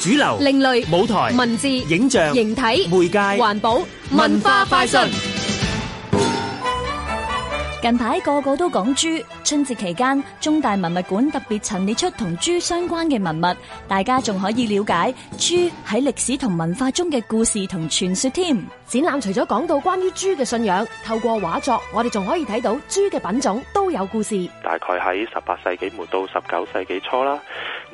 主流、另類舞台、文字、影像、形體、媒介、環保、文化快訊。近排個個都講豬，春節期間，中大文物館特別陳列出同豬相關嘅文物，大家仲可以了解豬喺歷史同文化中嘅故事同傳說。添展覽除咗講到關於豬嘅信仰，透過畫作，我哋仲可以睇到豬嘅品種都有故事。大概喺十八世紀末到十九世紀初啦。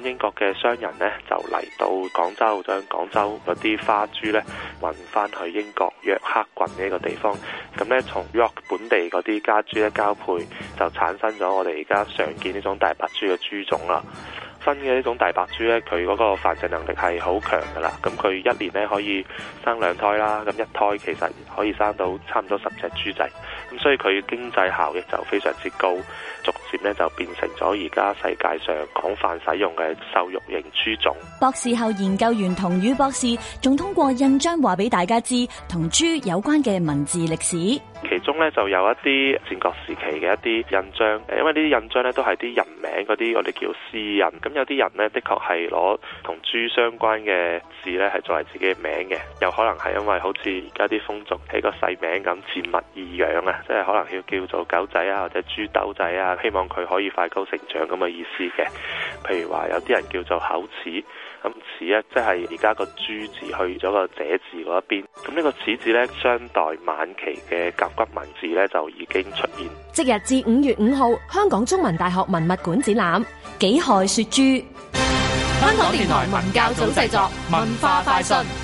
英國嘅商人呢，就嚟到廣州，將廣州嗰啲花豬呢運翻去英國約克郡呢一個地方。咁、嗯、咧從約克本地嗰啲家豬咧交配，就產生咗我哋而家常見呢種大白豬嘅豬種啦。新嘅呢種大白豬呢，佢嗰個繁殖能力係好強㗎啦。咁、嗯、佢一年呢可以生兩胎啦。咁、嗯、一胎其實可以生到差唔多十隻豬仔。咁、嗯、所以佢經濟效益就非常之高。咧就變成咗而家世界上廣泛使用嘅瘦肉型豬種。博士後研究員童宇博士仲通過印章話俾大家知，同豬有關嘅文字歷史。其中咧就有一啲戰國時期嘅一啲印章，因為呢啲印章咧都係啲人名嗰啲，我哋叫私印。咁有啲人呢，的確係攞同豬相關嘅字呢，係作為自己嘅名嘅。有可能係因為好似而家啲風俗，起個細名咁，賤物易養啊，即係可能要叫做狗仔啊，或者豬豆仔啊，希望佢可以快高成長咁嘅意思嘅。譬如話有啲人叫做口齒，咁齒啊，即係而家個豬字去咗個者字嗰一邊。咁呢個齒字呢，商代晚期嘅。骨文字咧就已經出現。即日至五月五號，香港中文大學文物館展覽《己亥雪珠》。香港電台文教組製作文化快訊。